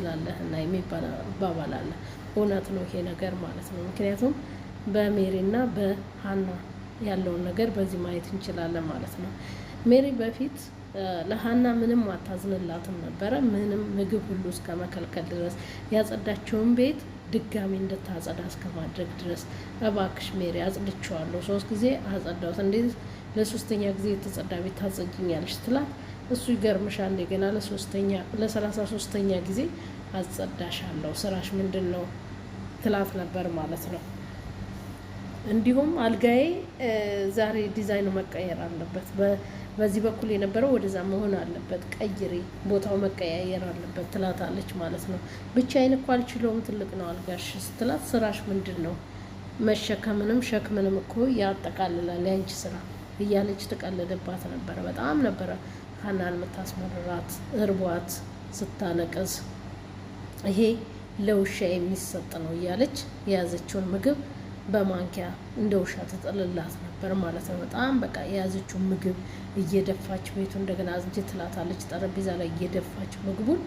ትችላለህ እና የሚባል አባባል አለ። እውነት ነው ይሄ ነገር ማለት ነው። ምክንያቱም በሜሪና በሀና ያለውን ነገር በዚህ ማየት እንችላለን ማለት ነው። ሜሪ በፊት ለሀና ምንም አታዝንላትም ነበረ። ምንም ምግብ ሁሉ እስከ መከልከል ድረስ ያጸዳቸውን ቤት ድጋሚ እንድታጸዳ እስከ ማድረግ ድረስ እባክሽ ሜሪ አጽድቼዋለሁ፣ ሶስት ጊዜ አጸዳሁት፣ እንዴት ለሶስተኛ ጊዜ የተጸዳ ቤት ታጸጅኛለሽ? ትላት እሱ ይገርምሻል። እንደገና ለሶስተኛ ለሰላሳ ሶስተኛ ጊዜ አጸዳሻለሁ ስራሽ ምንድን ነው ትላት ነበር ማለት ነው። እንዲሁም አልጋዬ ዛሬ ዲዛይኑ መቀየር አለበት፣ በዚህ በኩል የነበረው ወደዛ መሆን አለበት፣ ቀይሬ ቦታው መቀያየር አለበት ትላታለች ማለት ነው። ብቻዬን እኮ አልችለውም፣ ትልቅ ነው አልጋሽ ስትላት፣ ስራሽ ምንድን ነው? መሸከምንም ሸክምንም እኮ ያጠቃልላል ያንቺ ስራ እያለች ተቀለደባት ነበረ። በጣም ነበረ ሀናን የምታስመርራት እርቧት ስታለቀስ ይሄ ለውሻ የሚሰጥ ነው እያለች የያዘችውን ምግብ በማንኪያ እንደ ውሻ ተጠልላት ነበር ማለት ነው። በጣም በቃ የያዘችውን ምግብ እየደፋች ቤቱ እንደገና አዝጅ ትላታለች። ጠረጴዛ ላይ እየደፋች ምግቡን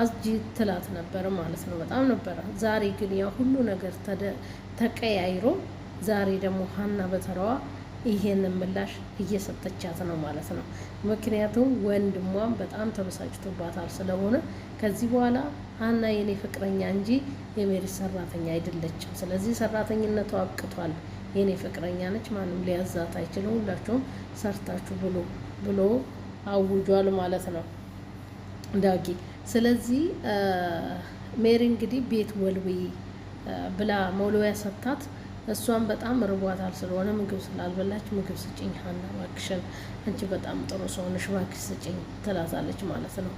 አዝጅ ትላት ነበር ማለት ነው። በጣም ነበረ። ዛሬ ግን ያ ሁሉ ነገር ተቀያይሮ ዛሬ ደግሞ ሀና በተራዋ ይሄንን ምላሽ እየሰጠቻት ነው ማለት ነው። ምክንያቱም ወንድሟም በጣም ተበሳጭቶባታል ስለሆነ ከዚህ በኋላ ሀና የኔ ፍቅረኛ እንጂ የሜሪ ሰራተኛ አይደለችም። ስለዚህ ሰራተኝነቱ አብቅቷል። የኔ ፍቅረኛ ነች፣ ማንም ሊያዛት አይችልም። ሁላችሁም ሰርታችሁ ብሎ ብሎ አውጇል ማለት ነው ዳጊ። ስለዚህ ሜሪ እንግዲህ ቤት ወልዊ ብላ መውለያ ሰጥታት እሷን በጣም ርቧታል ስለሆነ ምግብ ስላልበላች ምግብ ስጭኝ ሀና እባክሽን፣ አንቺ በጣም ጥሩ ሰው ነሽ እባክሽ ስጭኝ ትላታለች ማለት ነው።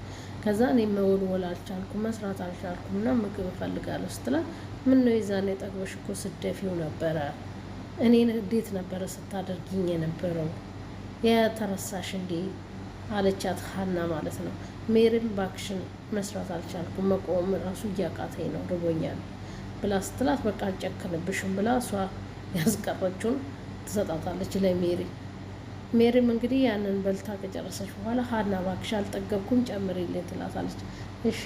ከዛ እኔ መወልወል አልቻልኩም መስራት አልቻልኩም እና ምግብ እፈልጋለሁ ስትላት፣ ምን ነው የዛኔ ጠግበሽ እኮ ስደፊው ነበረ እኔ እንዴት ነበረ ስታደርግኝ የነበረው የተረሳሽ እንዴ አለቻት ሀና ማለት ነው። ሜሪም ባክሽን መስራት አልቻልኩም መቆም ራሱ እያቃተኝ ነው ርቦኛል ብላ ስትላት በቃ አልጨከንብሽም ብላ እሷ ያስቀረችውን ትሰጣታለች ለሜሪ። ሜሪም እንግዲህ ያንን በልታ ከጨረሰች በኋላ ሀና እባክሽ አልጠገብኩም ጨምሪልኝ ትላታለች። እሺ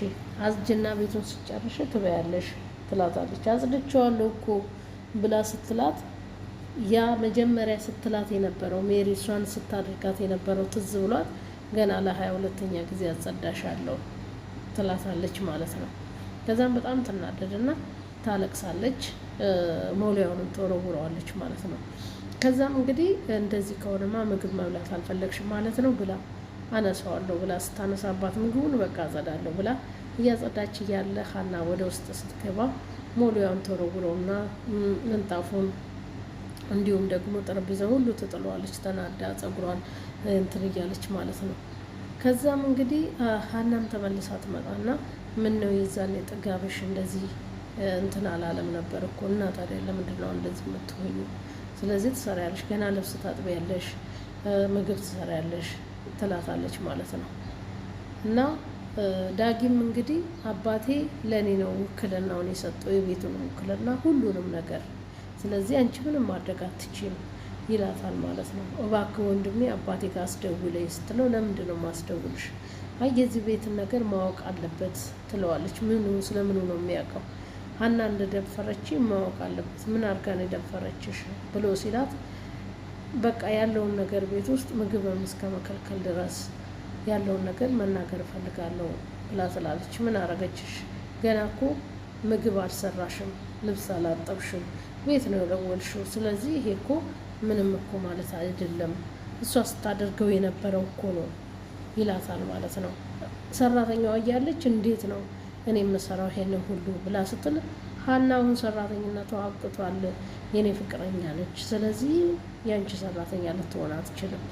አዝጅና ቤቱን ስጨርሽ ትበያለሽ ትላታለች። አጽድቼዋለሁ እኮ ብላ ስትላት ያ መጀመሪያ ስትላት የነበረው ሜሪ እሷን ስታደርጋት የነበረው ትዝ ብሏት ገና ለሀያ ሁለተኛ ጊዜ አጸዳሻለሁ ትላታለች ማለት ነው። ከዛም በጣም ትናደድና ታለቅሳለች፣ መውሊያውንም ተወረውረዋለች ማለት ነው። ከዛም እንግዲህ እንደዚህ ከሆነማ ምግብ መብላት አልፈለግሽም ማለት ነው ብላ አነሳዋለሁ ብላ ስታነሳባት ምግቡን በቃ አጸዳለሁ ብላ እያጸዳች እያለ ሀና ወደ ውስጥ ስትገባ ሞሉያን ተወረውረውና ምንጣፉን እንዲሁም ደግሞ ጠረጴዛ ሁሉ ትጥለዋለች። ተናዳ ጸጉሯን እንትን እያለች ማለት ነው። ከዛም እንግዲህ ሀናም ተመልሳ ትመጣና ምን ነው የዛን የጥጋብሽ እንደዚህ እንትን አላለም ነበር እኮ እና ታዲያ ለምንድን ነው እንደዚህ የምትሆኙ? ስለዚህ ትሰሪያለሽ፣ ገና ልብስ ታጥቢያለሽ፣ ምግብ ትሰሪያለሽ ትላታለች ማለት ነው። እና ዳጊም እንግዲህ አባቴ ለእኔ ነው ውክልናውን የሰጠው የቤቱን ውክልና ሁሉንም ነገር፣ ስለዚህ አንቺ ምንም ማድረግ አትችም ይላታል ማለት ነው። እባክህ ወንድሜ አባቴ ጋር አስደውለኝ ስትለው ለምንድን ነው ማስደውልሽ? አይ የዚህ ቤትን ነገር ማወቅ አለበት ትለዋለች። ምኑ ስለምኑ ነው የሚያውቀው ሀና እንደደፈረች ማወቅ አለበት። ምን አድርጋ ነው የደፈረችሽ ብሎ ሲላት በቃ ያለውን ነገር ቤት ውስጥ ምግብም እስከ መከልከል ድረስ ያለውን ነገር መናገር እፈልጋለሁ ብላ ትላለች። ምን አረገችሽ? ገና እኮ ምግብ አልሰራሽም፣ ልብስ አላጠብሽም፣ ቤት ነው የለወልሽው። ስለዚህ ይሄ እኮ ምንም እኮ ማለት አይደለም፣ እሷ ስታደርገው የነበረው እኮ ነው ይላታል ማለት ነው። ሰራተኛዋ እያለች እንዴት ነው እኔ የምሰራው ይሄንን ሁሉ ብላ ስትል ሀና አሁን ሰራተኝነቷ አብቅቷል፣ የኔ ፍቅረኛ ነች። ስለዚህ የአንቺ ሰራተኛ ልትሆን አትችልም፣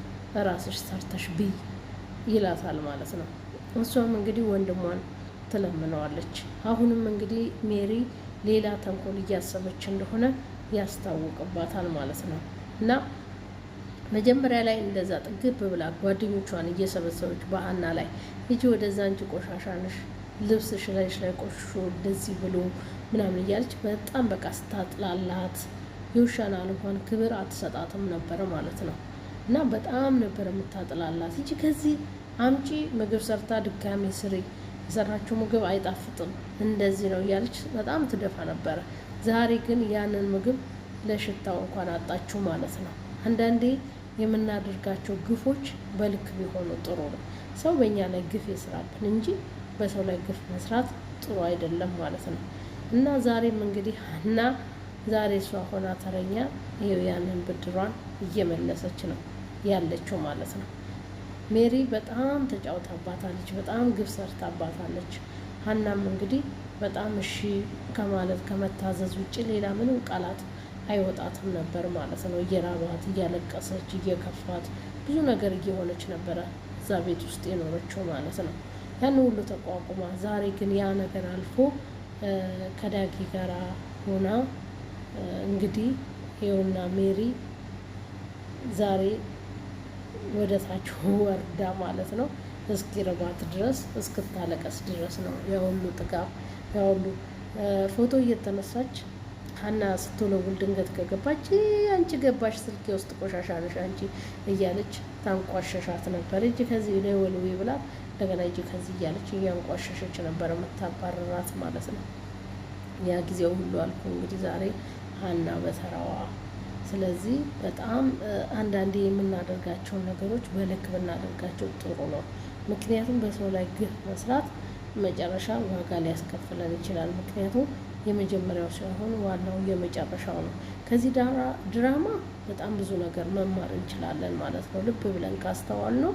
ራስሽ ሰርተሽ ብይ ይላታል ማለት ነው። እሷም እንግዲህ ወንድሟን ትለምነዋለች። አሁንም እንግዲህ ሜሪ ሌላ ተንኮል እያሰበች እንደሆነ ያስታውቅባታል ማለት ነው እና መጀመሪያ ላይ እንደዛ ጥግብ ብላ ጓደኞቿን እየሰበሰበች በሀና ላይ ልጅ ወደዛ አንቺ ቆሻሻ ነሽ ልብስ ሽላሽ ላይ ቆሹ እንደዚህ ብሎ ምናምን እያለች በጣም በቃ ስታጥላላት የውሻን እንኳን ክብር አትሰጣትም ነበረ ማለት ነው። እና በጣም ነበረ የምታጥላላት እንጂ ከዚህ አምጪ ምግብ ሰርታ ድጋሜ ስሪ፣ የሰራችው ምግብ አይጣፍጥም፣ እንደዚህ ነው እያለች በጣም ትደፋ ነበረ። ዛሬ ግን ያንን ምግብ ለሽታው እንኳን አጣችሁ ማለት ነው። አንዳንዴ የምናደርጋቸው ግፎች በልክ ቢሆኑ ጥሩ ነው። ሰው በእኛ ላይ ግፍ ይስራብን እንጂ በሰው ላይ ግፍ መስራት ጥሩ አይደለም ማለት ነው። እና ዛሬም እንግዲህ ሀና ዛሬ እሷ ሆና ተረኛ ይኸው ያንን ብድሯን እየመለሰች ነው ያለችው ማለት ነው። ሜሪ በጣም ተጫውታባታለች፣ በጣም ግፍ ሰርታባታለች። ሀናም እንግዲህ በጣም እሺ ከማለት ከመታዘዝ ውጭ ሌላ ምንም ቃላት አይወጣትም ነበር ማለት ነው። እየራባት እያለቀሰች፣ እየከፋት ብዙ ነገር እየሆነች ነበረ እዛ ቤት ውስጥ የኖረችው ማለት ነው። ያን ሁሉ ተቋቁማ ዛሬ ግን ያ ነገር አልፎ ከዳጊ ጋር ሆና እንግዲህ ይኸውና ሜሪ ዛሬ ወደ ታች ወርዳ ማለት ነው እስኪረባት ድረስ እስክታለቀስ ድረስ ነው የሁሉ ጥጋብ ያሁሉ ፎቶ እየተነሳች ሀና ስትወለውል ድንገት ከገባች አንቺ ገባሽ ስልክ ውስጥ ቆሻሻ ነሽ አንቺ እያለች ታንቋሸሻት ነበር። እጅ ከዚህ ላይ ወልዊ ብላ እንደገና እጅ ከዚህ እያለች እያንቋሸሸች ነበር የምታባረራት ማለት ነው። ያ ጊዜው ሁሉ አልኩ እንግዲህ ዛሬ ሀና በተራዋ። ስለዚህ በጣም አንዳንዴ የምናደርጋቸውን ነገሮች በልክ ብናደርጋቸው ጥሩ ነው። ምክንያቱም በሰው ላይ ግፍ መስራት መጨረሻ ዋጋ ሊያስከፍለን ይችላል። ምክንያቱም የመጀመሪያው ሳይሆን ዋናው የመጨረሻው ነው። ከዚህ ድራማ በጣም ብዙ ነገር መማር እንችላለን ማለት ነው ልብ ብለን ካስተዋል ነው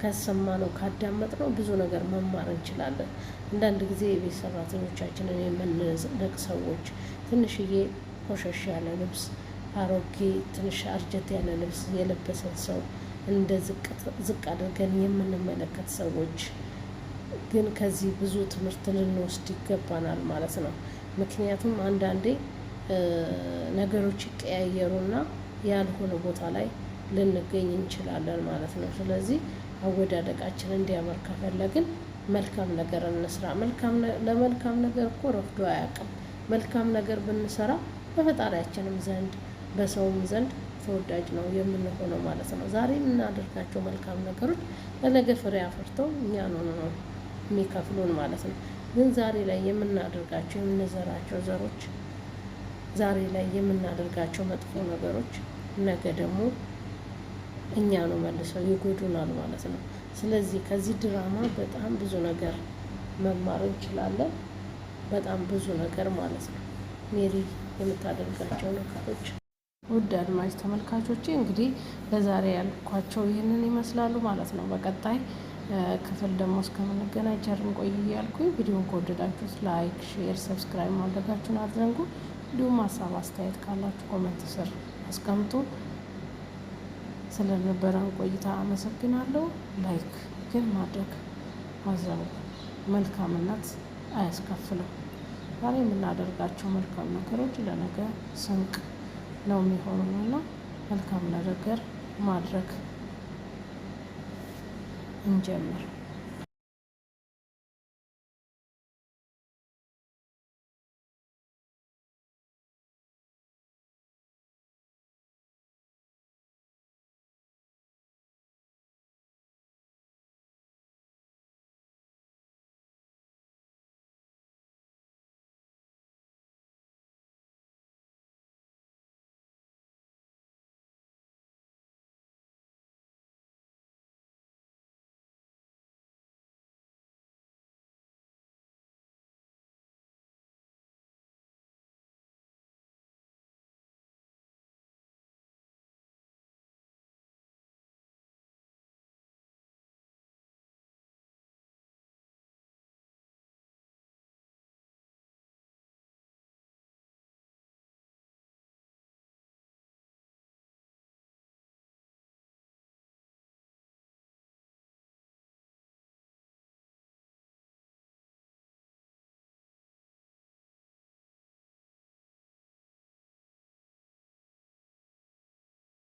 ከሰማ ነው ካዳመጥ ነው ብዙ ነገር መማር እንችላለን። አንዳንድ ጊዜ የቤት ሰራተኞቻችንን የምንለቅ ሰዎች ትንሽዬ ቆሸሽ ያለ ልብስ አሮጌ ትንሽ አርጀት ያለ ልብስ የለበሰን ሰው እንደ ዝቅ አድርገን የምንመለከት ሰዎች ግን ከዚህ ብዙ ትምህርት ልንወስድ ይገባናል ማለት ነው። ምክንያቱም አንዳንዴ ነገሮች ይቀያየሩና ያልሆነ ቦታ ላይ ልንገኝ እንችላለን ማለት ነው። ስለዚህ አወዳደቃችን እንዲያምር ከፈለግን መልካም ነገር እንስራ። ለመልካም ነገር እኮ ረፍዶ አያውቅም። መልካም ነገር ብንሰራ በፈጣሪያችንም ዘንድ በሰውም ዘንድ ተወዳጅ ነው የምንሆነው ማለት ነው። ዛሬ የምናደርጋቸው መልካም ነገሮች ለነገ ፍሬ አፍርተው እኛን ነው የሚከፍሉን ማለት ነው። ግን ዛሬ ላይ የምናደርጋቸው የምንዘራቸው ዘሮች ዛሬ ላይ የምናደርጋቸው መጥፎ ነገሮች ነገ ደግሞ እኛ ነው መልሰው ይጎዱናል ማለት ነው። ስለዚህ ከዚህ ድራማ በጣም ብዙ ነገር መማር እንችላለን። በጣም ብዙ ነገር ማለት ነው። ሜሪ የምታደርጋቸው ነገሮች። ውድ አድማጭ ተመልካቾች እንግዲህ ለዛሬ ያልኳቸው ይህንን ይመስላሉ ማለት ነው። በቀጣይ ክፍል ደግሞ እስከምንገናኝ ቸር ቆይ እያልኩኝ ቪዲዮን ከወደዳችሁት ላይክ፣ ሼር፣ ሰብስክራይብ ማድረጋችሁን አትዘንጉ። እንዲሁም ሀሳብ አስተያየት ካላችሁ ኮመንት ስር አስቀምጡ። ስለነበረን ቆይታ አመሰግናለሁ። ላይክ ግን ማድረግ አዘቡ። መልካምነት አያስከፍልም። ዛሬ የምናደርጋቸው መልካም ነገሮች ለነገ ስንቅ ነው የሚሆኑና መልካም ነገር ማድረግ እንጀምር።